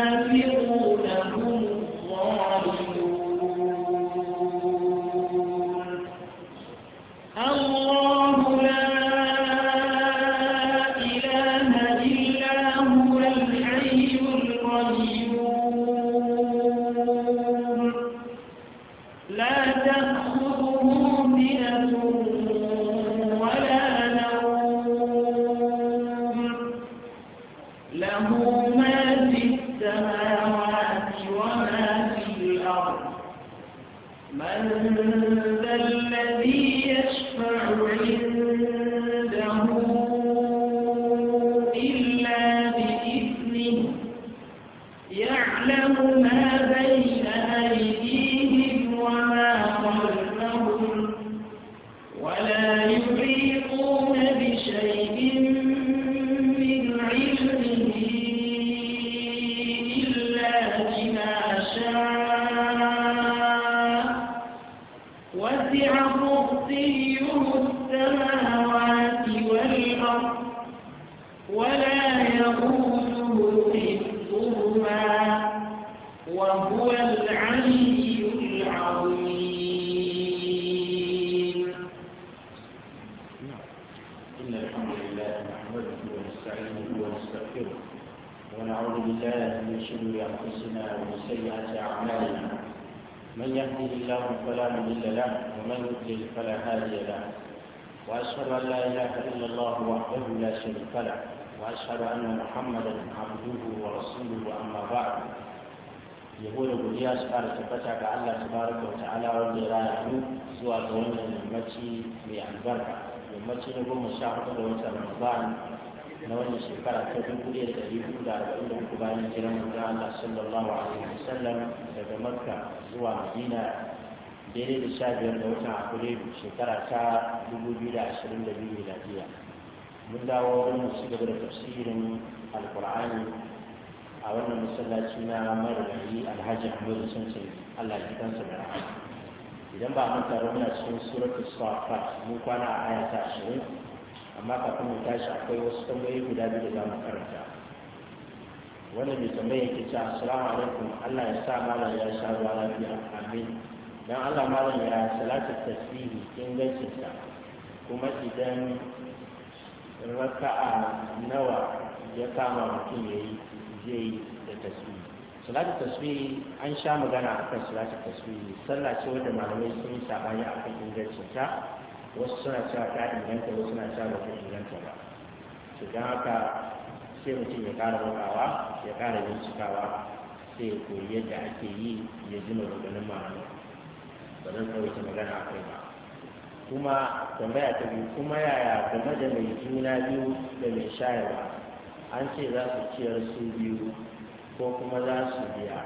النافقون وسع وحده لا شريك له وأشهد أن محمدا عبده ورسوله أما بعد yabo da godiya su fara tabbata ga Allah tabaraka wata alawar wanda ya raya mu zuwa ga wannan yammaci mai albarka yammaci na goma sha hudu da watan Ramadan na wannan shekara ta dubu ɗaya da ɗari hudu da arba'in da bayan Allah sallallahu alaihi wa sallam daga Makka zuwa Madina daidai da sha biyar da wata Afrilu shekara ta dubu biyu da ashirin da biyu mun dawo don mu ci gaba da tafsirin alkur'ani a wannan masallaci na marigayi alhaji ahmadu sunsun allah ya kansa da rahama idan ba mun taro muna cikin suratu safat mun kwana a aya ta ashirin amma kafin mu tashi akwai wasu tambayoyi guda biyu da za mu karanta wannan mai tambaya yake cewa assalamu alaikum allah ya sa malam ya sha ruwa lafiya amin dan allah malam ya salatu tasbihi ingancinsa kuma idan raka'a nawa ya kama mutum ya yi zai da taswiri salatu taswiri an sha magana kan salatu taswiri sallah ce wanda malamai sun yi sabani akan kan ta wasu suna cewa ta inganta wasu suna cewa ba ta inganta ba to don haka sai mutum ya kara makawa ya kara bincikawa sai ya koyi yadda ake yi ya ji maganganun malamai ba zan kawai ta magana akai ba kuma tambaya ta biyu kuma yaya game da mai juna biyu da mai shayarwa an ce za su ciyar su biyu ko kuma za su biya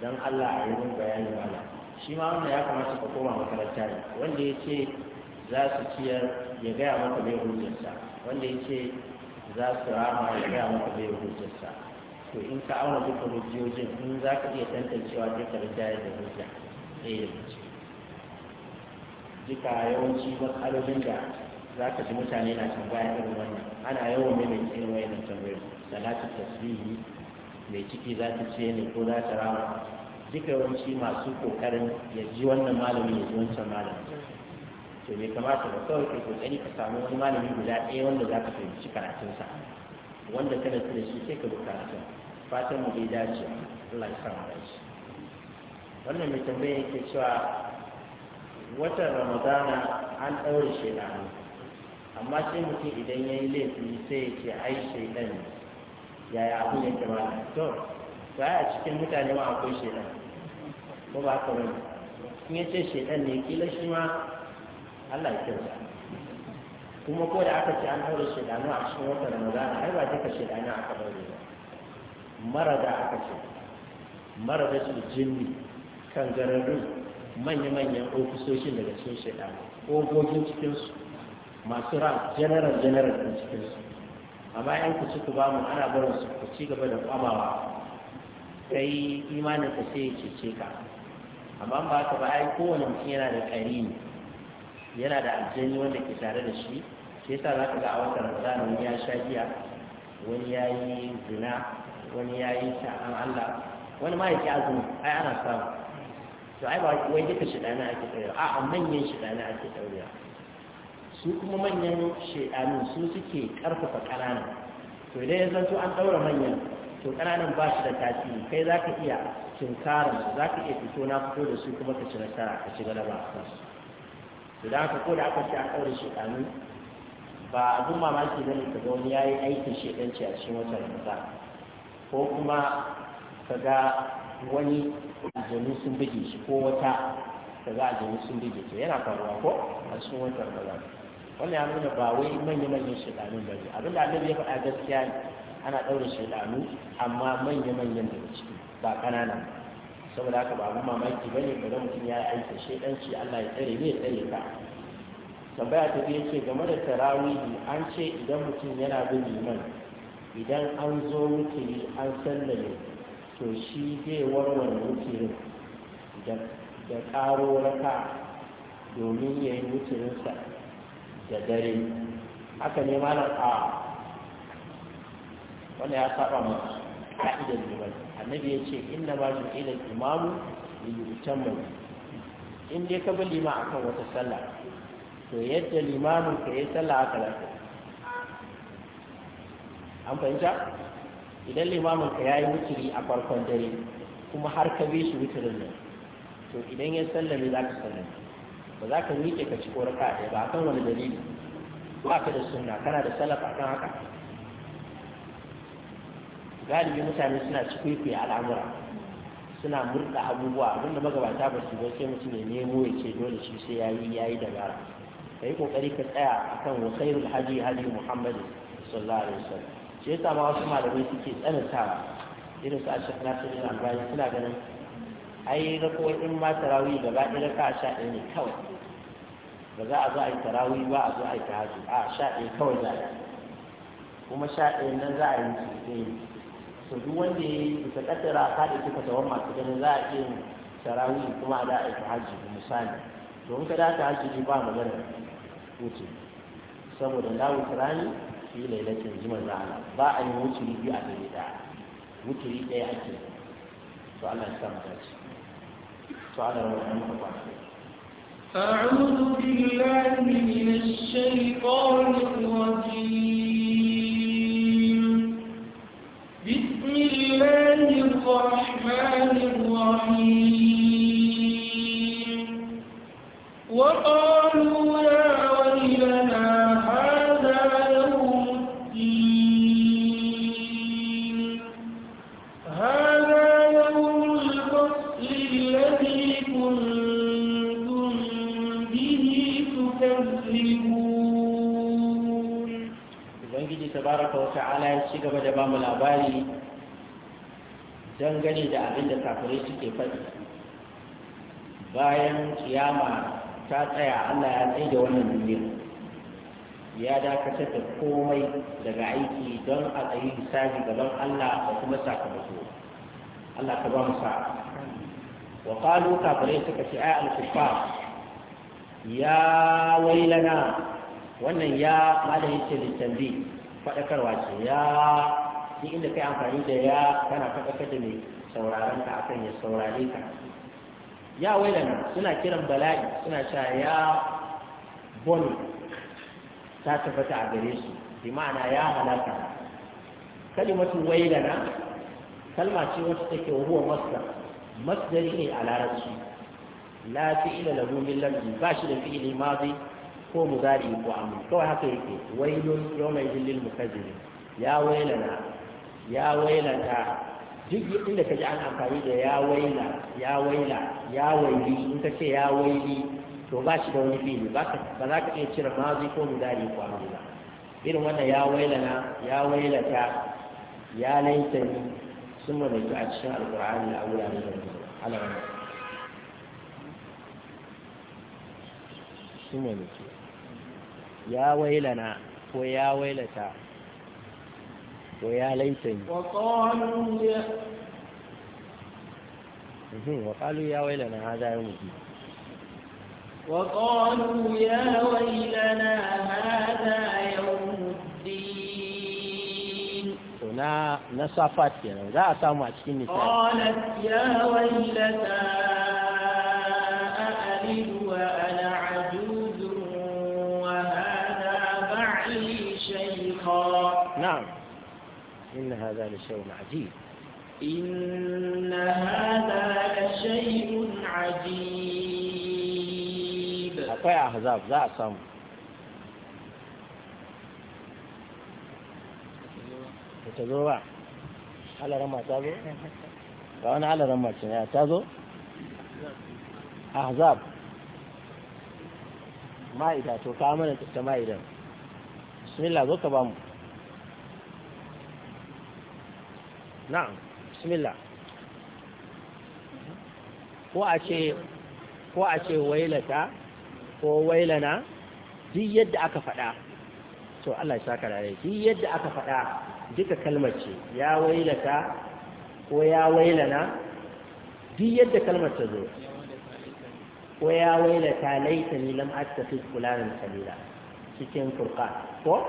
don allah a yi bayani mana shi ma wanda ya kamata ka koma makaranta ne wanda ya ce za su ciyar ya gaya maka bai hujjarsa wanda ya ce za su rama ya gaya maka bai hujjarsa to in ka auna duka hujjojin in za ka iya tantancewa duka da hujja ɗaya da hujja duka yawanci matsalolin da za ka ji mutane na tambaya irin wannan ana yawan mai irin da tambayar salatu tasbihi mai ciki za ta ce ne ko za ta rama duka yawanci masu kokarin ya ji wannan malami ya ji wancan malami to bai kamata ba kawai kai kokari ka samu wani malami guda ɗaya wanda za ka fahimci karatunsa wanda kana da shi sai ka bi karatun fatan mu bai dace Allah ya sa mu dace wannan mai tambaya yake cewa watan ramadana an ɗaure shaidanu amma sai mutum idan ya yi laifi sai ya ce ai shaidan yaya abin ya kama to ba a cikin mutane ma akwai shaidan ko ba haka wani in ya ce shaidan ne kila shi ma allah ya kyauta kuma ko da aka ce an ɗaure shaidanu a cikin watan ramadana ai ba duka shaidanu aka ɗaure ba mara da aka ce mara da su jinni kan gararin manya-manyan ofisoshin daga cikin ko ofofin cikinsu masu ran general general din cikinsu amma yan ku ku ba mu ana barin su ku ci gaba da kwamawa Kai imanin ka sai ya cece ka amma ba ka ba ai kowane mutum yana da ƙari ne, yana da aljani wanda ke tare da shi sai sa za ka ga a wata ramadan wani ya sha giya wani ya yi zina wani ya yi sha'an allah wani ma ya ki azumi ai ana samu to ai ba wai duka shidana ake tsayawa a manyan shidana ake tsayawa su kuma manyan shidanu su suke karfafa ƙananan to idan ya zanto an ɗaura manyan to ƙananan ba shi da tasiri kai za ka iya tunkarar su za ka iya fito na fito da su kuma ka ci nasara ka ci galaba to da haka ko da aka ce an ɗaura shidanu ba abin mamaki ne ne kaga wani ya yi aikin ci a cikin watan ramadan ko kuma ka ga. wani aljanu sun buge shi ko wata da za aljanu sun buge ta yana faruwa ko a cikin watan ramadan wannan ya nuna ba wai manya manyan shaidanun ba ne abinda annabi ya faɗa gaskiya ana ɗaura shaidanu amma manya manyan daga ciki ba ƙananan saboda haka ba abin mamaki ba ne ba ga mutum ya yi aikin shaidanci allah ya tsare ne ya tsare ka tambaya ta biyu ce game da tarawihi an ce idan mutum yana bin liman idan an zo wuce an sallame to shi zai warware wucirin da ƙaro raka domin ya yi wucirinsa da dare haka ne malam a wanda ya saba mu ka'idar liman annabi ya ce inna ba shi ilal imamu li mai in dai ka bi lima akan wata sallah to yadda limamin ka yi sallah haka za an fahimta idan limamin ka yayi wuturi a farkon dare kuma har ka bi shi wuturin nan to idan ya sallame za ka sallame ba za ka miƙe ka ci ko raka ɗaya ba akan wani dalili ba ka da sunna kana da salaf akan haka galibi mutane suna ci kwaikwayo al'amura suna murɗa abubuwa abinda magabata ba su sai mutum ya nemo ya ce dole shi sai yayi yayi gara ka yi ƙoƙari ka tsaya a kan khairul hadi hadi Muhammadu sallallahu alaihi wasallam shi yasa ma wasu malamai suke tsanantawa irin su ashir nasirin albani suna ganin ai in ma tarawih gaba ɗaya raka sha ɗaya ne kawai ba za a zo a yi tarawih ba a zo a yi tahajjud a sha ɗaya kawai za a yi kuma sha ɗaya nan za a yi su ɗaya so duk wanda ya yi bisa ƙaddara ka da kika tawar masu ganin za a iya yin tarawih kuma a da a yi tahajjud misali to in ka da tahajjud ba magana wuce saboda lawu rani. fi na jimar rana ba a yi wuturi biyu a dare daya wuturi ɗaya ake to Allah ya samu dace to Allah ya rahama ka أعوذ بالله من الشيطان الرجيم Allah ya tsaye da wannan duniya ya dakatar da komai daga aiki don a tsayi hisabi gaban Allah da kuma sakamako Allah ka ba mu sa wa qalu kafirai suka ce ai al ya wailana wannan ya malamin da tambi fadakarwa ce ya duk inda kai amfani da ya kana faɗakar da mai sauraron ka akan ya saurare ka ya wailana suna kiran bala'i suna sha ya bol ta tabbata a gare su bi ma'ana ya halaka kalimatu wailana kalma ce wacce take ruwa masdar masdari ne a larabci la fi'ila lahu min lamzi ba shi da fi'ili madi ko mudari ko amri kawai haka yake wailun yawma idhil lil mukazzibin ya wailana ya wailanta. duk inda ka ji an amfani da ya waila ya waila ya waili in ka ce ya waili to ba shi da wani fili ba za ka iya cire mazi ko mudari ko amfani ba irin wannan ya waila na ya waila ta ya laita ni sun mana yi a cikin alkur'ani a wuraren da ne alama sun mana ya waila na ko ya waila ta ويا ليتني وقالوا يا وقالوا يا ويلنا هذا يوم الدين وقالوا يا ويلنا هذا يوم الدين هنا نصفت يعني لا أسامع تكين قالت يا ويلتا أألد وأنا عجوز وهذا بعلي شيخا نعم إن هذا لشيء عجيب إن هذا لشيء عجيب أطيع أحزاب ذا صم تزوع على رمى تازو وأنا على رمى تازو أحزاب مائدة وكاملة مائدة بسم الله ذو كبامو na'am bismillah ko a ce ko a ce wailata ko wailana duk yadda aka faɗa to Allah ya saka rai duk yadda aka faɗa duka kalmar ce ya wailata ko ya wailana duk yadda kalmar ta zo ko ya wailata laita ni lam attafi fulanan kalila cikin furqa ko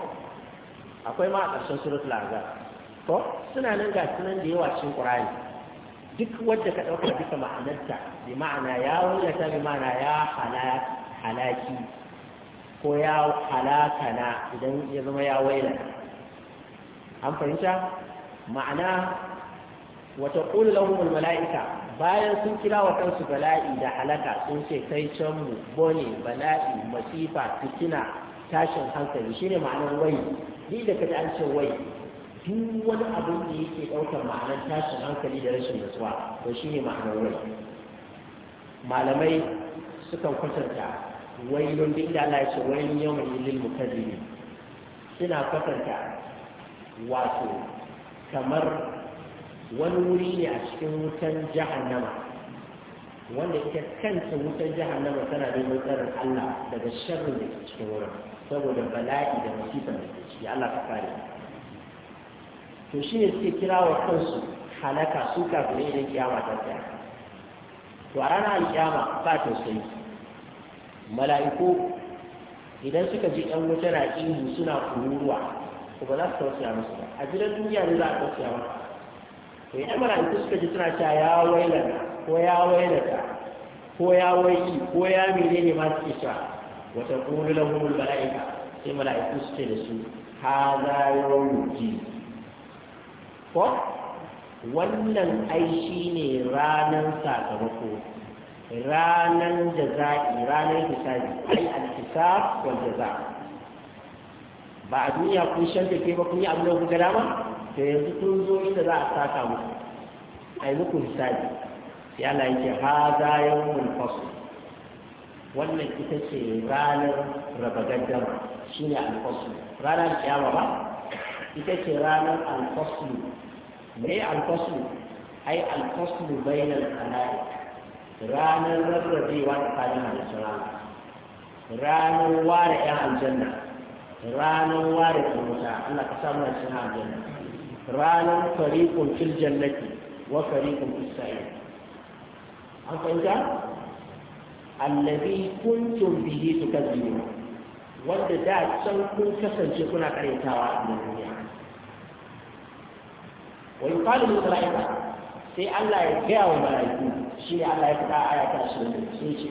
akwai ma a ƙarshen suratul azab to suna nan ga sunan da yawa cikin qur'ani duk wanda ka dauka bisa ma'anarta bi ma'ana ya ta bi ma'ana ya halaki ko ya na idan ya zama ya waila an fahimta ma'ana wata qul lahum al mala'ika bayan sun kira wa kansu bala'i da halaka sun ce kai can mu bone bala'i masifa fitina tashin hankali shine ma'anar wai ni da kaji an ce wai duk wani abin da yake ɗaukar ma'anar tashin hankali da rashin nutsuwa to shi ne ma'anar rai malamai sukan kwatanta wailun duk da Allah ya ce wailun yawan ilil mukazzibin suna kwatanta wato kamar wani wuri ne a cikin wutan jahannama wanda ita kanta wutan jahannama tana da Allah daga sharrin da ke cikin wurin saboda bala'i da musifan da ke ciki Allah ka kare to shi ne suke kira wa kansu halaka su kafin idan kiyama ta tsaya to a ranar alkiyama ba ta sai mala'iku idan suka ji ɗan wuta na ihu suna kururuwa ba za su tausaya musu ba a gidan duniya ne za a tausaya ba to idan mala'iku suka ji suna cewa ya wailata ko ya ta, ko ya waiki ko ya ne ma suke cewa wata kulu lahumul mala'ika sai mala'iku suke da su hadha yawmul jin ko wannan ai shi ne ranar sakamako ranan jaza'i ranar hisabi ai al-hisab wal jaza' ba a duniya kun shanta ke ba kun yi abin da gada ba? to yanzu kun zo inda za a saka muku ai muku hisabi sai Allah yake haza yawmul fasl wannan ita ce ranar raba shi ne al-fasl ranar kiyama ba ita ce ranar al-fasl me alfaslu ai alfaslu bainal khala'i ranar rarrabewa tsakanin halittun rana ranar ware yan aljanna ranar ware kuruta Allah ka samu a cikin aljanna ranar fariqun fil jannati wa fariqun fis sa'ir an fahimta allazi kuntum bihi tukadzibun wanda da can kun kasance kuna karyatawa a wa yuqalu lil malaika sai Allah ya gaya wa malaiku shi ne Allah ya fada aya ta 20 sai ce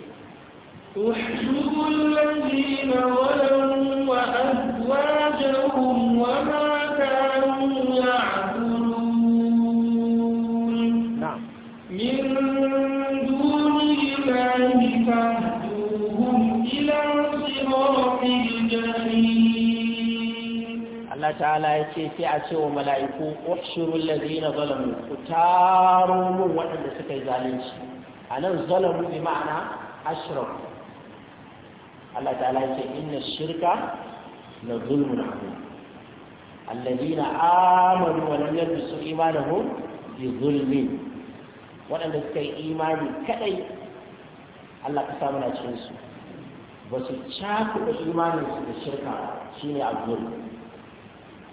احشروا الذين ظلموا وأزواجهم وما ta'ala ya ce sai a ce wa mala'iku uhshirul ladina zalamu ku taro mun waɗanda suka yi zalunci anan zalamu bi ma'ana ashraku Allah ta'ala ya ce inna shirka la zulmun azim alladina amanu wa lam yalbisu imanahum bi zulmin waɗanda suka yi imani kadai Allah ka samu na cikin su ba su imanin imaninsu da shirka shine azul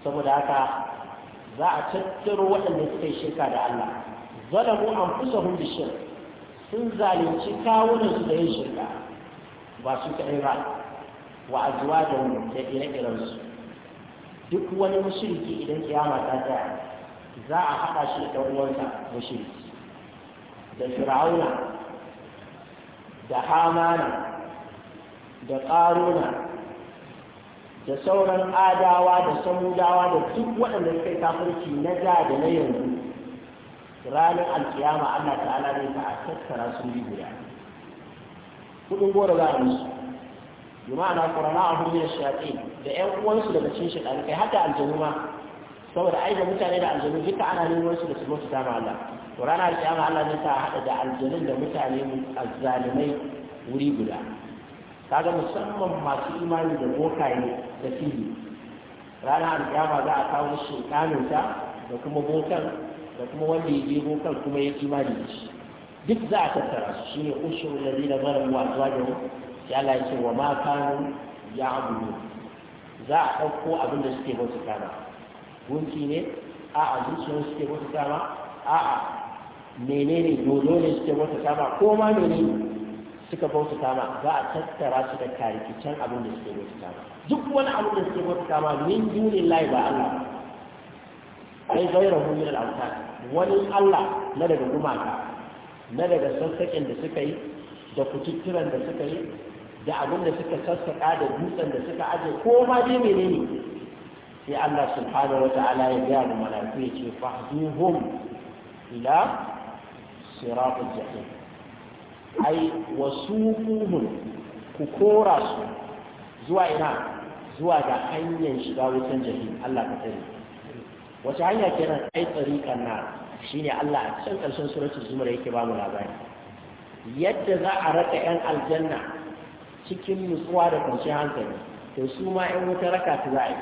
saboda haka za a tattaro waɗanda suka yi shirka da Allah zalamu anfusahum bi shirk sun zalunci kawunan su da yin shirka ba su kaɗai ba wa azwajahum da ire irensu duk wani mushriki idan kiyama ta tsaya za a haɗa shi da uwansa mushriki da fir'auna da hamana da ƙaruna da sauran adawa da samudawa da duk waɗanda suka yi kafirci na da da na yanzu ranar alkiyama Allah ta'ala zai ta a tattara su yi guda kudin gora za a musu juma'a na kurana a hurriyar shaƙi da ƴan uwansu daga cin shaɗa kai hata aljanu ma saboda ai da mutane da aljanu duka ana neman su da su mutu dama Allah to ranar alkiyama Allah zai ta haɗa da aljanun da mutane azzalimai wuri guda kaga musamman masu imani da bokaye da fili rana alƙiyama za a kawo ta da kuma bokan da kuma wanda ya je bokan kuma ya imani da shi duk za a tattara su ne ushuru ladina baramu azwajahum da mu ya ce wa ma kanu ya'budu za a ɗauko abin da suke bauta kama gunki ne a a zuciyar suke bauta kama a a menene dole ne suke bauta kama ko ma menene suka bauta ma za a tattara su da karikicen abin da suke bauta ma duk wani abin da suke bauta ma min dunin layi ba Allah ai gaira hu min wani Allah na daga gumaka na daga sassaƙin da suka yi da kututturan da suka yi da abin da suka sassaƙa da dutsen da suka aje ko ma dai menene sai Allah subhanahu wata'ala ya gaya mu mala'iku ya ce fahduhum ila siratul jahim ai wasuquhum ku kora su zuwa ina zuwa ga hanyar shiga wutan jahim Allah ka tsare wace hanya kenan ai tsarikan na shine Allah a cikin karshen suratul zumar yake ba mu labari yadda za a raka yan aljanna cikin nutsuwa da kwanciyar hankali to su ma yan wuta raka ta za a yi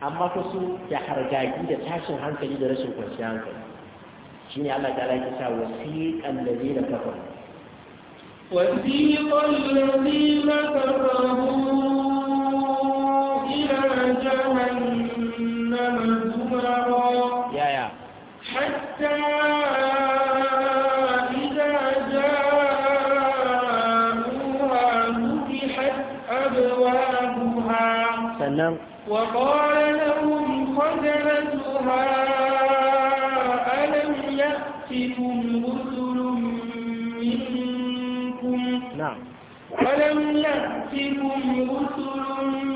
amma fa su da hargagi da tashin hankali da rashin kwanciyar hankali shine Allah ta wasiƙan sa zai da kafa. الذين كفروا إلى جهنم حتى إذا جاءوها فتحت أبوابها وقال لم يأتكم رسل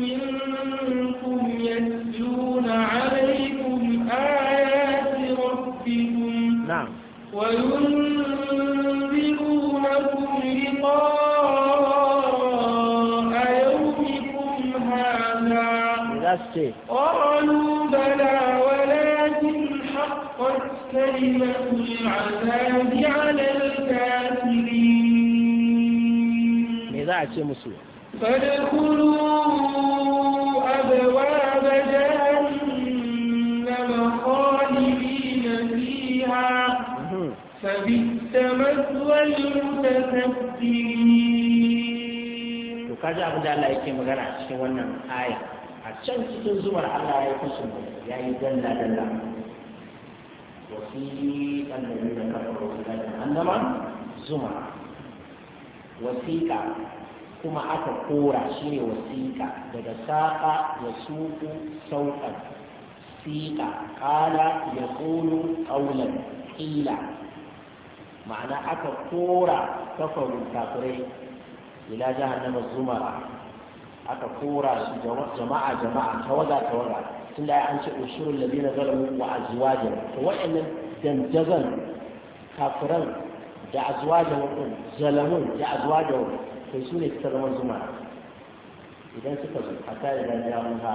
منكم يتلون عليكم آيات ربكم نعم وينذرونكم لقاء يومكم هذا قالوا بلى ولكن حقت كلمة العذاب على الكافرين za a ce musu فادخلوا أبواب جهنم خالدين فيها فبئس مثوى kaji abin da Allah yake magana a cikin wannan aya a can cikin zuwar Allah ya kusa ya yi dalla dalla wasiƙa da yi da kafa wasu gajin zuma wasiƙa kuma aka kora shi ne wasiƙa daga saƙa ya suku sauƙan siƙa ƙala ya ƙulu ƙaunar ƙila ma'ana aka kora kafarin kafirai ila jahannama zumara aka kora su jama'a jama'a tawaga tawaga tun da an ce ushurul ladina zalamu wa azwajin to wa'annan dandazon kafiran da a azwajin zalamun da a azwajin Kai su ne suka zama zuma idan suka zo a tare da ha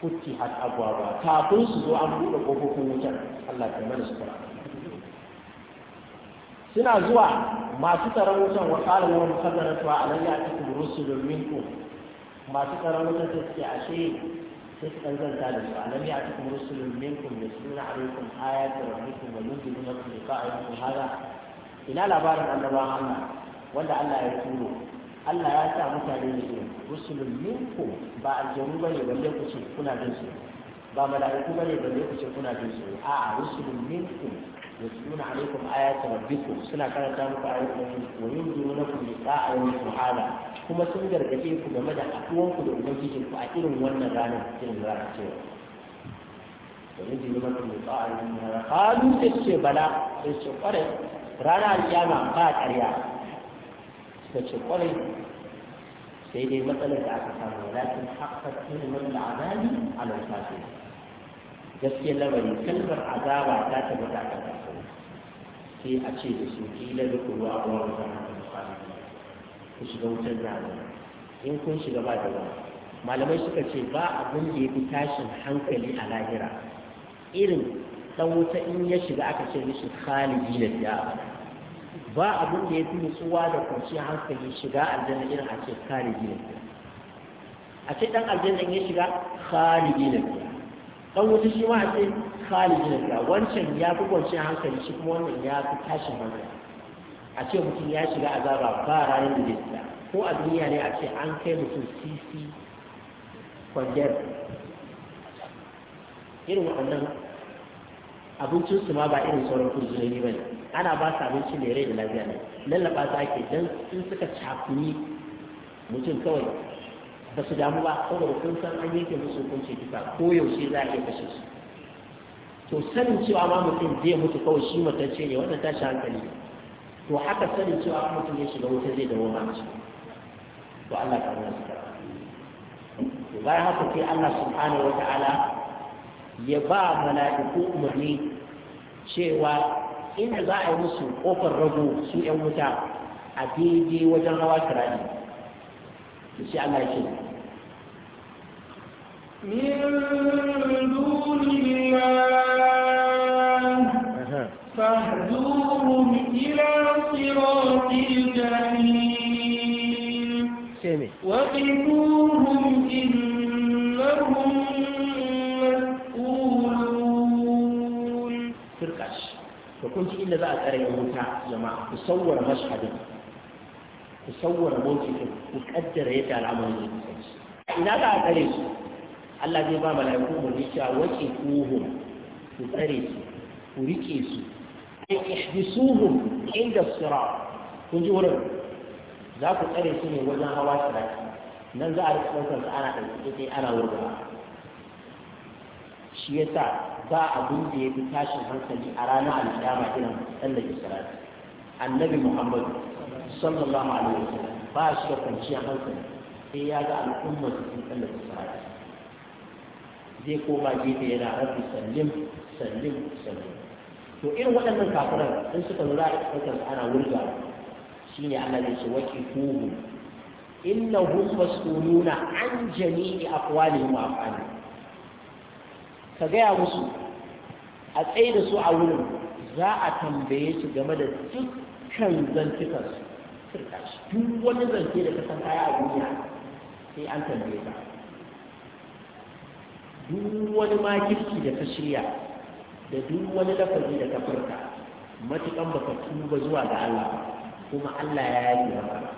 kuti har agwagwa kafin su zo an buɗe ƙofofin wutar Allah ta mana su fara suna zuwa masu tsaron wutan wa ƙara wa musamman tuwa a nan ya ta kuma rusulun minku masu tsaron wutar ta suke ashe sai su ɗan zanta da su a nan ya ta kuma rusulun minku mai suna alaikum ayatul rabbikum da yunziluna kum liqa'a yawmikum hada ina labarin annabawan Allah wanda Allah ya turo Allah ya sa mutane ne ne rusulun minku ba aljanu ne balle ku ce kuna jin su ba mala'iku bane balle ku ce kuna jin su a'a rusulun minku yasuna alaikum ayati rabbikum suna karanta muku ayoyin wa yunzirunakum liqa'a su hala, kuma sun gargaɗe ku game da ku da ubangijin ku a irin wannan ranar irin ranar cewa wa yunzirunakum liqa'a yawmikum hada qalu sai ce bala sai ce kware ranar alƙiyama ba ƙarya ta ce kwarai sai dai matsalar da aka samu walakin haƙƙar ilimin al'adali a lantarki gaskiyar labari kalmar azaba ta tabbata a ƙarƙashin sai a ce da su kila da kuma a wani zama da misali ku shiga wutar zamani in kun shiga ba da wani malamai suka ce ba abin da ya fi tashin hankali a lahira irin dan wuta in ya shiga aka ce mishi khalidi na fiya ba abin da ya fi nutsuwa da kwanci hankali shiga aljanna irin a ce khariji fiye a ce ɗan aljanna ya shiga khariji fiye ɗan wuta shi ma a ce khariji fiye wancan ya fi kwanci hankali shi kuma wannan ya fi tashin hankali a ce mutum ya shiga azaba ba ranar da zai ko a duniya ne a ce an kai mutum sisi kwanjar irin waɗannan abincin su ma ba irin sauran kurjinoni bane ana ba su abinci mai rai da lafiya ne lallaba ta ake dan sun suka cakuni mutum kawai ba su damu ba saboda sun san an yanke musu hukunci kisa ko yaushe za a iya kashe su to sanin cewa ma mutum zai mutu kawai shi matacce ne wannan tashi hankali to haka sanin cewa mutum ya shiga wuta zai dawo ma ci to Allah ka nuna su bayan haka sai Allah subhanahu wa ta'ala ya ba mala'iku umarni cewa inda za a yi musu ƙofar rago su ‘yan wuta a daidai wajen hawa kirani da shi Allah ce من دون فاهدوهم إلى صراط الجحيم وقفوهم إنهم to kun ji inda za a tsare wuta jama'a ku sawwar mashhadin ku sawwar mawqifin ku kaddara yadda al'amarin yake kasance a ina za a tsare su Allah zai ba mala'iku mu ne cewa wace kuhum ku tsare su ku rike su ai ihdisuhum inda sirat kun ji wurin za ku tsare su ne wajen hawa sirat nan za a rika ɗaukar su ana ɗauke ana wurga shi yasa ba abin da ya fi tashin hankali a ranar alƙiyama irin sallar isra'i annabi muhammad sallallahu alaihi wasallam ba shi da kwanciyar hankali sai ya ga al'ummar su sun sallar isra'i zai koma gefe yana rabbi sallim sallim sallim to irin waɗannan kafiran in suka lura da ɗaukar ana wurga shi ne Allah zai ce waki kuhu innahum mas'uluna an jami'i aqwalihim wa af'alihim ka gaya musu a tsaye da su a wurin za a tambaye su game da dukkan zantukansu sirka duk wani zance da ka san kaya a duniya sai an tambaye ka duk wani makirki da ka shirya da duk wani lafazi da ka furta matukan ka tuba zuwa ga Allah kuma Allah ya yi ba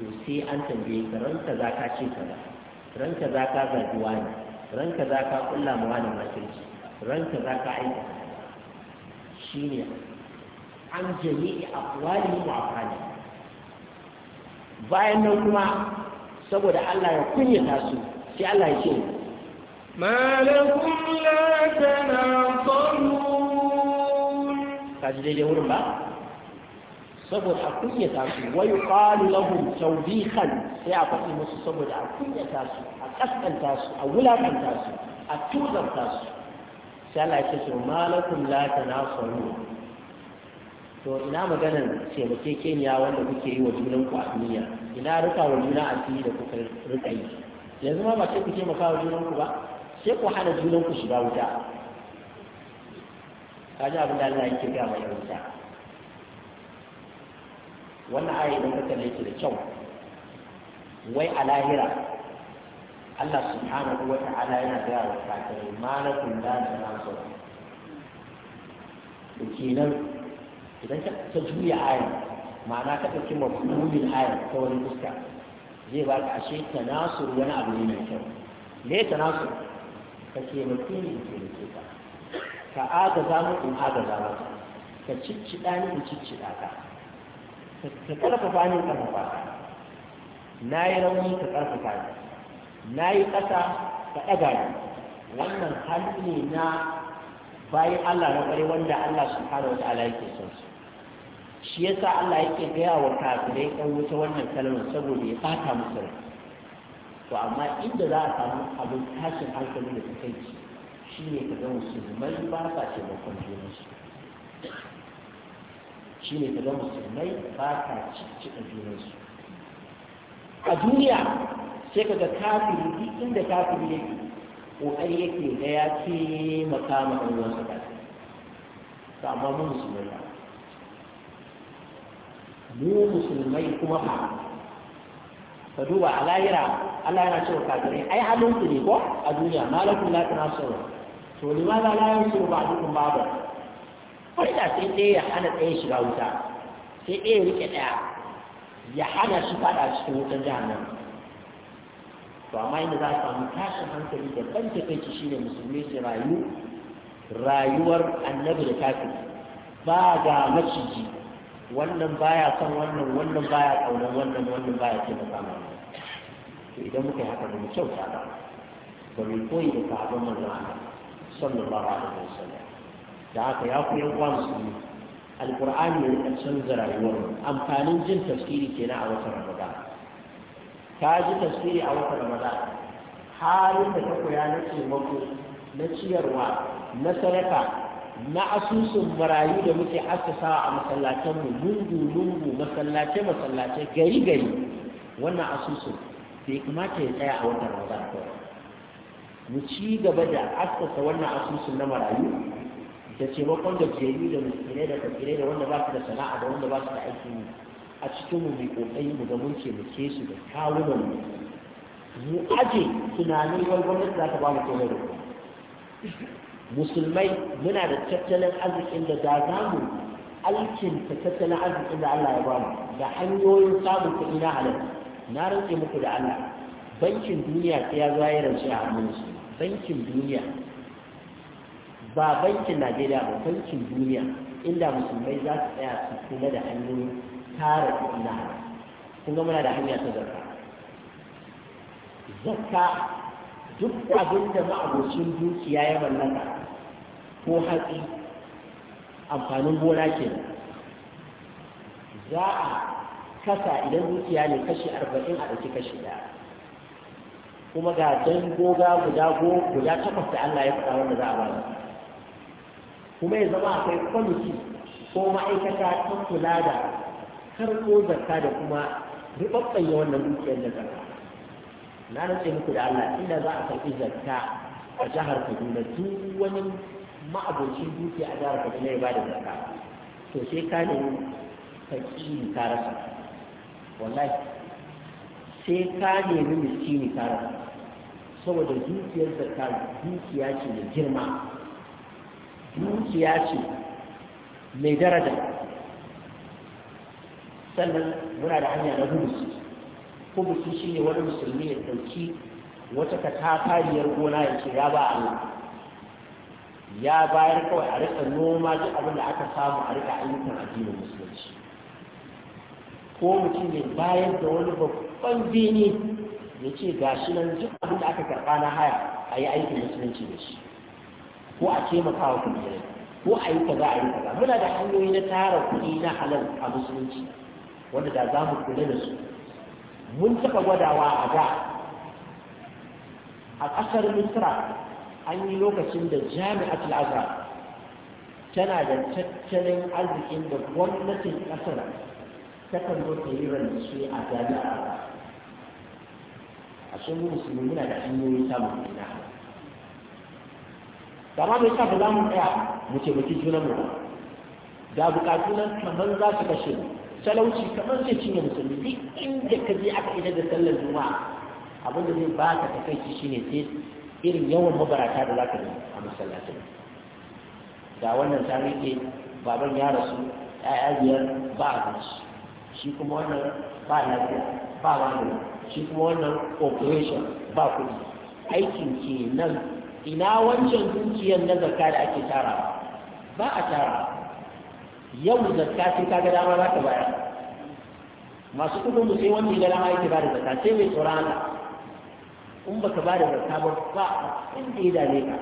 to sai an tambaye ka ranka za ka ce kaza ranka za ka zaɓi ne. ranka za ka kulla mu wani makirci ranka za ka aika shi ne an jami a kwali mu a kwali bayan nan kuma saboda Allah ya ta su sai Allah ya ce ma lakum la Ka kaji daidai wurin ba saboda a kunyata su wai qalu lahum tawbihan sai a faɗi musu saboda a kunyata su a ƙasƙanta su a wulakanta su a tuzarta su sai Allah ya ce malakum la tanasaru to ina maganar taimakekeniya wanda kuke yi wa junan ku a duniya ina rika wa juna asiri da kuka rika yi yanzu ma ba sai ku taimaka wa junan ku ba sai ku hana junan ku shiga wuta Ka kaji abin da Allah yake ga mai wuta wannan aya idan ka kalle ki da kyau wai a lahira Allah subhanahu wa ta'ala yana gaya wa kafirai ma na kula da nasu da kenan idan ka juya aya ma'ana ka ɗauki mafhumin aya ta wani fuska zai ba ka ashe tanasur wani abu ne mai kyau me tanasur ka taimake ni in taimake ka ka aga zamu in aga maka ka ciccida ni in ciccida ka ka karfafa ni karfafa na yi rauni ka ƙarfafa ni na yi ƙasa ka ɗaga ni wannan hali ne na bayan Allah na ƙwarai wanda Allah subhanahu wa ta'ala yake son su shi yasa Allah yake gaya wa kafirai ɗan wuta wannan kalmar saboda ya fata musu rai to amma inda za a samu abin tashin hankali da takaici shi ne ka ga musulmai ba sa taimakon junansu shi ne ga musulmai ba ta cikin junansu a duniya sai ka ga kafin duk inda kafin yake ƙoƙari yake da ya ce makama ruwan su kafiri to amma mu musulmai ba mu musulmai kuma ba ka duba a lahira Allah yana cewa kafirai ai halin ne ko a duniya malakun la tanasuru to ma limaza la ba dukkan babu. kai da sai ɗaya ya hana ɗaya shiga wuta sai ɗaya rike ɗaya ya hana shi faɗa cikin wutar jihannan to amma inda za a samu tashin hankali da ban takaici ne musulmi su rayu rayuwar annabi da kafin ba ga maciji wannan baya son wannan wannan baya ƙaunar wannan wannan baya ce da sama to idan muka yi haka da mu kyauta ba ba mu koyi da sahabban manzon Allah sallallahu alaihi wasallam da aka ya ku yan uwa musulmi alkur'ani ne a canza rayuwar amfanin jin tafsiri na a watan ramada Ta ji tafsiri a watan ramada halin da ta koya na taimako na ciyarwa na sadaka na asusun marayu da muke asasawa a masallacenmu lungu-lungu masallace-masallace gari-gari wannan asusun bai kamata ya tsaya a watan ramadan kawai mu ci gaba da asasa wannan asusun na marayu da taimakon da jeri da miskinai da fakirai da wanda ba su da sana'a da wanda ba su da aiki ne a cikin mu mai kokari mu ga mun taimake su da kawunan mu mu aje tunanin wani gwamnati za ta ba mu komai da musulmai muna da tattalin arzikin da da za mu ta tattalin arzikin da Allah ya ba mu da hanyoyin samun kuɗi na halal na rantse muku da Allah bankin duniya ya zo ya rance a hannun bankin duniya ba bankin najeriya ba bankin duniya inda musulmai za su tsaya su kula da hanyoyin tara kuɗi na kun ga muna da hanya ta zakka zakka duk abin da ma'abocin dukiya ya mallaka ko hatsi amfanin gona ke za a kasa idan dukiya ne kashi arba'in a ɗauki kashi ɗaya kuma ga dangoga guda guda takwas da Allah ya faɗa wanda za a ba kuma ya zama akwai kwamiti ko ma'aikata ta kula da karko zakka da kuma yi wannan dukiyar da zakka na nace muku da Allah inda za a karɓi zakka a jihar Kaduna duk wani ma'abocin dukiya a jihar Kaduna ya bada zakka to sai ka nemi ni ka rasa wallahi sai ka nemi miskini ka rasa saboda dukiyar zakka dukiya ce da girma dukiya ce mai daraja sannan muna da hanya na hudusi hudusi shi ne wani musulmi ya ɗauki wata katakariyar gona ya ce ya ba Allah ya bayar kawai a rika noma duk abin da aka samu a rika ayyukan addinin musulunci ko mutum ne bayar da wani babban bene ya ce gashi nan duk abin da aka karɓa na haya a yi aikin musulunci da shi ko a taimakawa wa kuɗi ko a yi kaza a yi kaza muna da hanyoyi na tara kuɗi na halal a musulunci wanda da za mu kula da su mun taɓa gwadawa a da a ƙasar misra an yi lokacin da jami'atul azhar tana da tattalin arzikin da gwamnatin ƙasar takan zo ta yi rance a jami'a a sun musulmi muna da hanyoyi samun kuɗi na halal amma mai sa ba za mu tsaya mu ce baki junan mu da bukatu nan kamar za su kashe mu talauci kamar zai cinye musulmi duk inda ka je aka idan da sallar juma abin da zai baka shi shine sai irin yawan mabarata da za ka yi a masallacin ga wannan ta rike baban ya rasu ya'ya biyar ba abinci shi kuma wannan ba lafiya ba wani shi kuma wannan operation ba kuɗi aikin ke nan ina wancan dukiyar na zakka da ake tara ba a tara yau zarka sai ka ga dama za ka bayar masu kudin mu sai wanda ya dama yake ba da zarka sai mai tsoron Allah in baka ba da zarka ba ba inda ya dame ka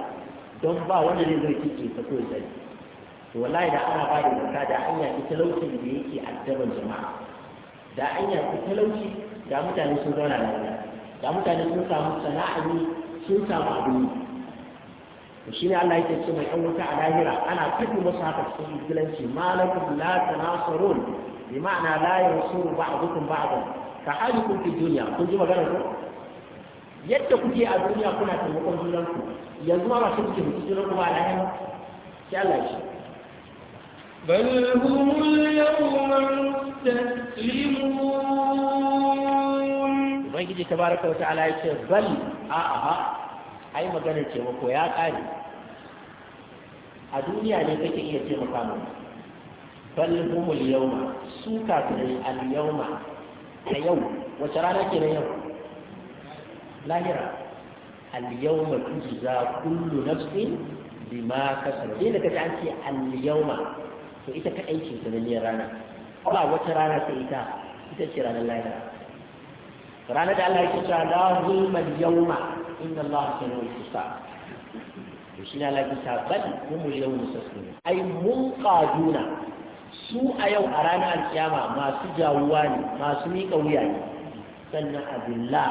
don ba wanda zai zo kike ka so ya to wallahi da ana ba da zarka da hanya ta talaucin da yake addaban jama'a da hanya ta talauci da mutane sun zauna lafiya da mutane sun samu sana'a sun samu abin to shine Allah yake ce mai ɗan wuta a lahira ana faɗi musu haka cikin musulunci malakum la tanasarun bi ma'ana la yansuru ba'dukum ba'dan ka halikum fi duniya kun ji magana ko yadda kuke a duniya kuna taimakon junanku yanzu ma ba su kuke mutu junanku ba a lahira sai Allah ya ce بل هم اليوم مستسلمون ubangiji tabaraka wata ala ya ce bal a aha ai maganar taimako ya ƙare a duniya ne kake iya maka mu balhumul yawma su kafirai al yawma ta yau wace rana ke na yau lahira al yawma tujza kullu nafsin bima kasabat dai da kace an ce al yawma to ita ka aiki ne rana ba wata rana sai ita ita ce ranar lahira ranar da Allah ya ce ta la zulmal yawma inna Allah sanu al kusa. to shi ne Allah ta yau humul yawm ne ai Kaduna su a yau a ranar alkiyama masu jawuwa ne masu miƙa wuya ne sannan abinla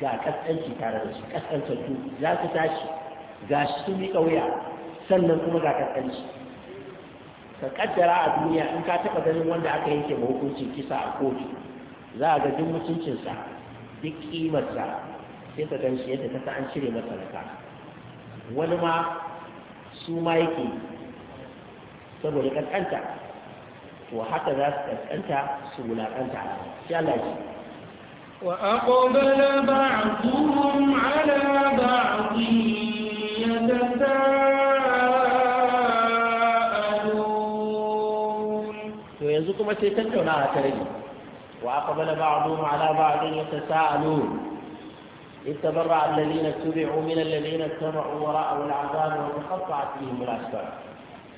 ga kaskanci tare da su kaskantattu za su tashi ga shi su miƙa wuya sannan kuma ga kaskanci ka kaddara a duniya in ka taɓa ganin wanda aka yanke ma hukuncin kisa a kotu za a ga duk mutuncinsa duk ƙimarsa. sai ka gan shi yadda ta an cire masa wani ma su ma yake saboda ƙanƙanta, to haka za su ƙanƙanta su wulaƙanta. shi. sai Allah ji وأقبل بعضهم على بعض يتساءلون to yanzu kuma sai tattaunawa ta rage wa aqbala ba'dhum ala ba'dhin yatasaalun إذ تبرأ الذين اتبعوا من الذين اتبعوا وراءوا العذاب وتقطعت بهم الأسباب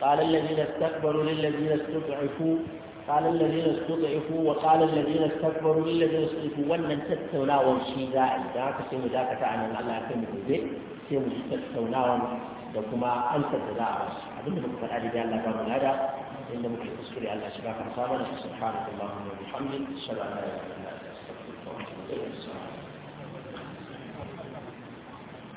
قال الذين استكبروا للذين استضعفوا قال الذين استضعفوا وقال الذين استكبروا للذين استضعفوا ولن تتوناوا شيء ذائل ذاك سيم ذاك تعالى الله كم يقول سيم تتوناوا وكما أنت تدعوا أظن بكم الأدب الله كم هذا إن ممكن تذكر على شباب أصابنا سبحانك اللهم وبحمدك أشهد أن لا إله إلا أنت أستغفرك وأتوب إليك